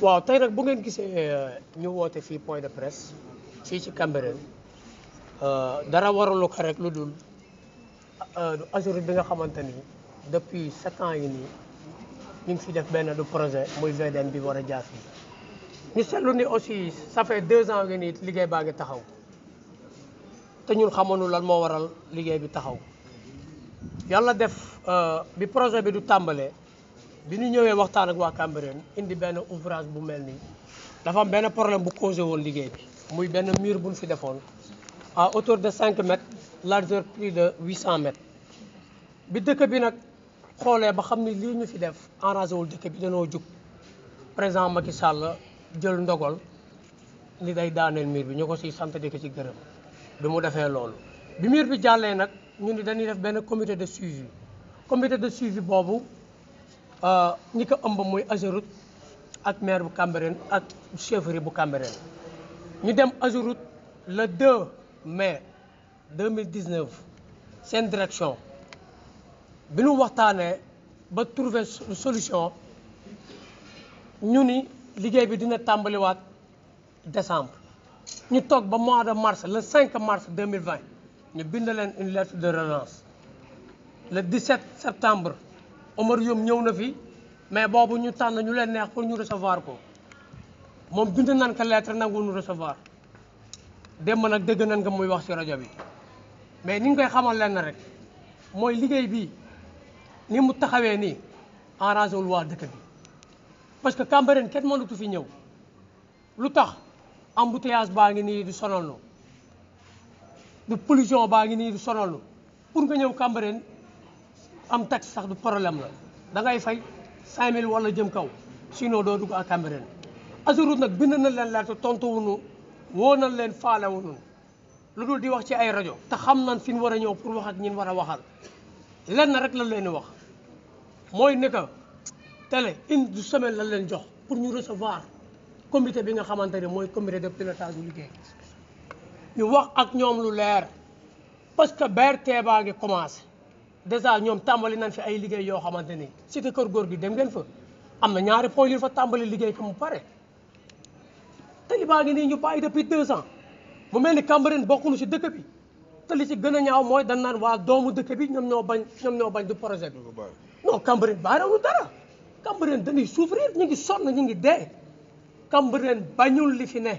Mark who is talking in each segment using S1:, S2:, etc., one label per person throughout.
S1: waaw tey nag bu ngeen gisee euh, ñu woote fii point de presse fii ci Cambérène euh, dara waralu ko rek lu dul euh, AGEROUTE bi nga xamante ni depuis sept ans yi nii ñu ngi fi def benn du projet muy VDN bi war a jaar fii ñu seetlu ni aussi ça fait deux ans ngi nii liggéey baa ngi taxaw te ñun xamoonu lan moo waral liggéey bi taxaw yàlla def bi projet bi du tàmbalee bi ñu ñëwee waxtaan ak waa Cambérène indi benn ouvrage bu mel nii dafa am benn problème bu causé woon liggéey bi muy benn miir bu ñu fi defoon à hauteur de cinq mètres largeur plus de 800 mètres bi dëkk bi nag xoolee ba xam ni lii ñu fi def enragé wul dëkk bi danoo jug président Macky Sall jël ndogal ni day daaneel mur bi ñu ko si sant di ci gërëm bi mu defee loolu. bi miir bi jàllee nag ñu ni dañuy def benn comité de suivi comité de suivi boobu. Euh, ñi ko ëmb muy Ageroute ak maire bu Cambérène ak chefferie bu Cambérène ñu dem Ageroute le 2 mai 2019 seen direction bi ñu waxtaanee ba trouver solution ñu ni liggéey bi dina tàmbaliwaat décembre ñu toog ba mois de mars le 5 mars 2020 ñu bind leen une lettre de relance le 17 septembre Omar Youm ñëw na fi mais boobu ñu tànn ñu leen neex pour ñu recevoir ko moom bind nan ko lettre nangu ñu recevoir dem nag dëgg nan ko muy wax ci rajo bi mais ni ñu koy xamal leen rek mooy liggéey bi ni mu taxawee ni arrangé wul waa dëkk bi parce que Cambérène kenn mënatu fi ñëw lu tax embouteillage baa ngi nii du sonal nu du pollution baa ngi nii du sonal nu pour nga ñëw Cambérène am taxe sax du problème la da ngay fay 5000 wala jëm kaw sinon doo dugg ak Cambérène Azurut nag bind na leen laajte tontu wuñu woo na leen faale wuñu lu dul di wax ci ay rajo te xam nan fi ñu war a ñëw pour wax ak ñin war a waxal lenn rek lan leen di wax mooy ne que télé une du semaine lan leen jox pour ñu recevoir comité bi nga xamante ne mooy comité de pilotage bu liggéey ñu wax ak ñoom lu leer parce que BRT baa ngi commencé dèjà ñoom tàmbali nañ fi ay liggéey yoo xamante ni cité kër góor gi dem ngeen fa am na ñaari point yu fa tàmbali liggéey ko mu pare tali baa ngi nii ñu bàyyi depuis deux ans mu mel ni Cambérène bokkunu si dëkk bi te li ci gën a ñaaw mooy dañ naan waa doomu dëkk bi ñoom ñoo bañ ñoom bañ du projet bi non Cambérène baareewul dara Cambérène dañuy souffrir ñu ngi na ñu ngi dee Cambérène bañul li fi ne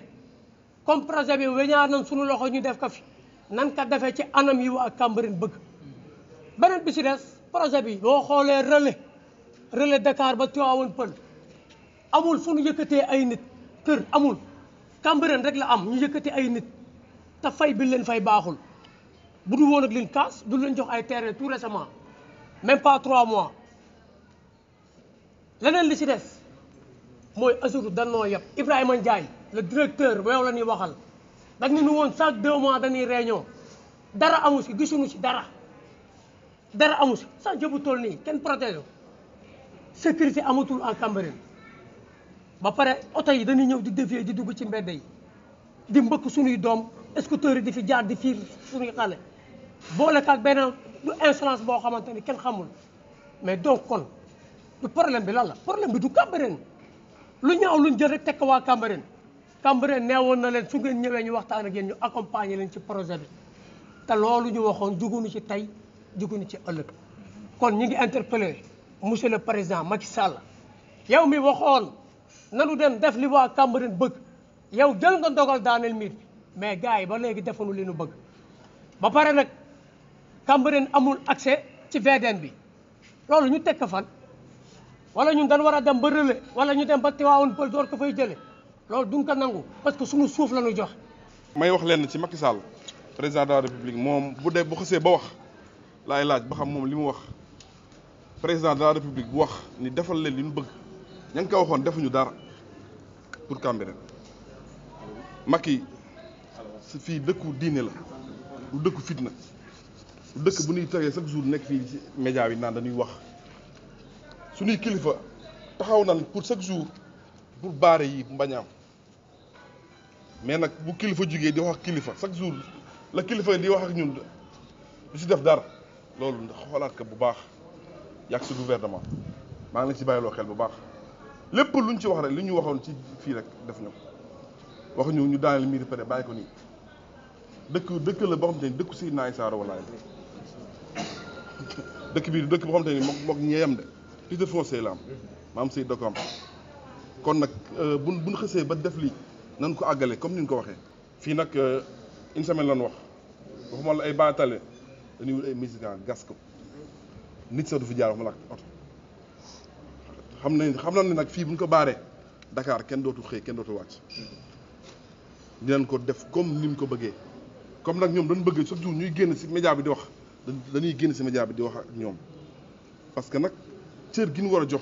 S1: comme projet bi weñaar nañ suñu loxo ñu def ka fi nan ko defee ci anam yi waa Cambérène bëgg beneen bi ci des projet bi boo xoolee relais relais Dakar ba Tivaouane Peulh amul fu ñu yëkkatee ay nit kër amul Cambérène rek la am ñu yëkkatee ay nit te fay bi leen fay baaxul bu du woon ak leen kaas du leen jox ay terrain tout les récemment même pas trois mois leneen li ci des mooy asuru danoo yëpp Ibrahima jaay le directeur ba yow la ñuy waxal dañ ne nu woon chaque deux mois dañuy réunion dara amul si gisuñu ci dara dara amu si sax jëbu toll nii kenn protégé sécurité amatul en Cambérène ba pare oto yi dañuy ñëw di dévier di dugg ci mbedd yi di mbëkk suñuy doom scooter yi di fi jaar di fiir suñuy xale boole ak benn du insolence boo xamante ni kenn xamul mais donc kon du problème bi lan la problème bi du Cambérène lu ñaaw lu jël rek teg ko waa Cambérène Cambérène neewoon na leen su ngeen ñëwee ñu waxtaan ak yéen ñu accompagner leen ci projet bi te loolu ñu waxoon juguñu ci tey juguñu ci ëllëg kon ñu ngi interpellé monsieur le président Macky Sall yow mi waxoon nanu dem def li waa Cambérène bëgg yow jël nga ndogal daaneel miir bi mais gars yi ba léegi defanu li nu bëgg ba pare nag Cambérène amul accès ci VDN bi loolu ñu teg ko fan wala ñun dañ war a dem ba relais wala ñu dem ba Tivaouane Peulh door ko fay jëlee loolu duñ ko nangu parce que suñu suuf la ñu joxe may wax leen ci Macky Sall
S2: président de la république moom bu dee bu xasee ba wax. laay laaj ba xam moom li mu wax président de la république bu wax ni defal leen li ñu bëgg ña nga ko waxoon defuñu dara pour Cambérène Macky si fii dëkku diine la lu dëkku fitna lu dëkk bu ñuy taxee chaque jour nekk fii ci média yi naan dañuy wax suñuy kilifa taxaw na pour chaque jour pour baare yi mbañaam mais nag bu kilifa jugee di wax ak kilifa chaque jour la kilifa di wax ak ñun du si def dara loolu xoolaat ko bu baax yàgg sa gouvernement maa ngi leen ci bàyyiloo xel bu baax lépp luñ ci wax rek li ñu waxoon ci fii rek def ñu wax ñu ñu daaneel miir pare bàyyi ko nii dëkk dëkk la boo xam te ni dëkku si naay saar walaay dëkk bii dëkk boo xam te ni moom moom ñeeyam de titre foncier la am maam Seydou Doka am kon nag euh, bu buñ xësee ba def li nan ko àggale comme ni ñu ko waxee. fii nag euh, une semaine lan wax waxuma la ay baatale dañuy wut ay migrants gas ko nit sax du fi jaar wax ma la ak oto xam na ni nag fii bu ñu ko baaree dakaar kenn dootu xëy kenn dootu wàcc dinañ ko def comme ni ñu ko bëggee comme nag ñoom dañ bëgg surtout ñuy génn ci média bi di wax dañuy génn ci média bi di wax ak ñoom parce que nag cër gi ñu war a jox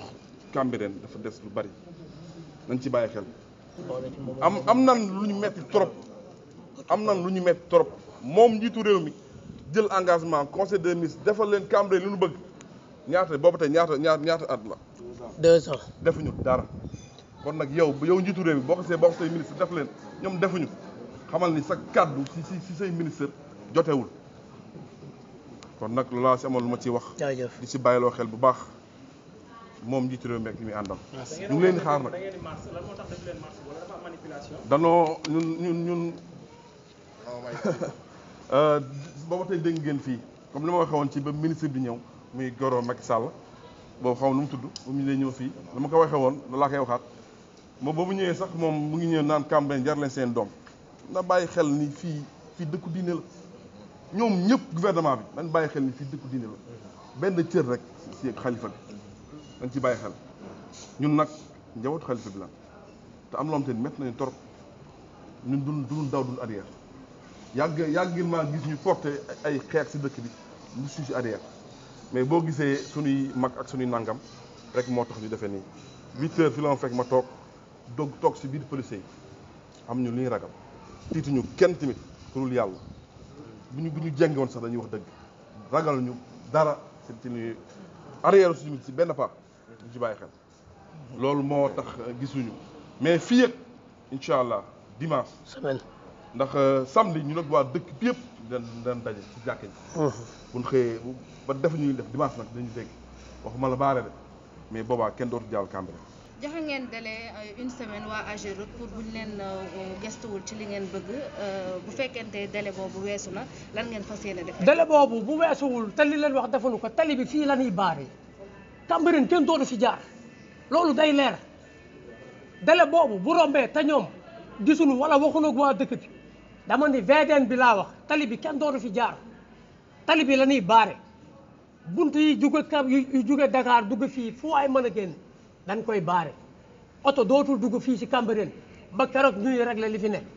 S2: Cambérène dafa des lu bari nañ ci bàyyi xel. am am nan lu ñu metti trop am nan lu ñu metti trop moom njiitu réew mi. jël engagement conseil de miss defal leen Cambérène lu ñu bëgg ñaata boobu tey ñaata ñaata ñaata at la. deux ans defuñu dara. kon nag yow yow njiitu réew mi boo xasee boo xasee ministre def leen ñoom defuñu xamal ni sa kàddu si si si say ministre jotewul kon nag loolu laa si amoon lu ma ciy wax. di si bàyyiloo xel bu baax moom njiitu réew mi ak mi àndal. ñu ngi leen di xaar nag. danoo ñun ñun. Oh Euh, booba tey dégg ngeen fii comme li ma waxee woon ci ba ministre bi ñëw muy Goro Macky Sall boobu xaw nu mu tudd bu ñu lay ñëw fii la ma ko waxee woon laa koy waxaat moom boobu ñëwee sax moom mu ngi ñëw naan Cambérène jar seen doom na bàyyi xel ni fii fii dëkku diine la ñoom ñëpp gouvernement bi nañ bàyyi xel ni fii dëkku diine la benn cër rek si xalifa bi dañ ci bàyyi xel ñun nag njabootu xalifa bi la te am loo xam te métti nañu torop ñun du du daw duñ yàgg yàgg maa gis ñu porté ay xeex si dëkk bi mu suñu si arrière mais boo gisee suñuy mag ak suñuy nangam rek moo tax ñu defee nii huit heures fi la ma fekk ma toog dog toog si biir policier am ñu li ñu ragal tiituñu kenn tamit kurul yàlla bu ñu ñu jengoon sax dañuy wax dëgg ragal ñu dara ci ñuy arrière suñu si benn pas ñu ci bàyyi xel loolu moo tax gisuñu mais fii yëg allah dimanche semaine ndax euh, samedi ñu nag waa dëkk bi yëpp dan dan daje ci jàkka ji buñ xëyee ba def ñuy def dimanche nag dañu dégg waxuma la baare de mais boobaa kenn dootu jàll Cambérène joxe ngeen délai euh, une semaine waa AGEROUTE pour buñ leen euh, gestuwul ci li ngeen bëgg bu fekkente délai boobu weesu na lan ngeen fas yéene def
S1: délai boobu bu weesuwul te li leen wax defalu ko tali bi la ñuy baare Cambérène kenn dootu jaar loolu day leer délai boobu bu rombee te ñoom gisuñu wala waxuñu ak waa dëkk bi dama ni VDN bi laa wax tali bi kenn dootu fi jaar tali bi la ñuy baare bunt yi juge kam yu juge Dakar dugg fii fu waay mën a génn dañ koy baare oto dootul dugg fii si Cambérène ba keroog ñuy la li fi ne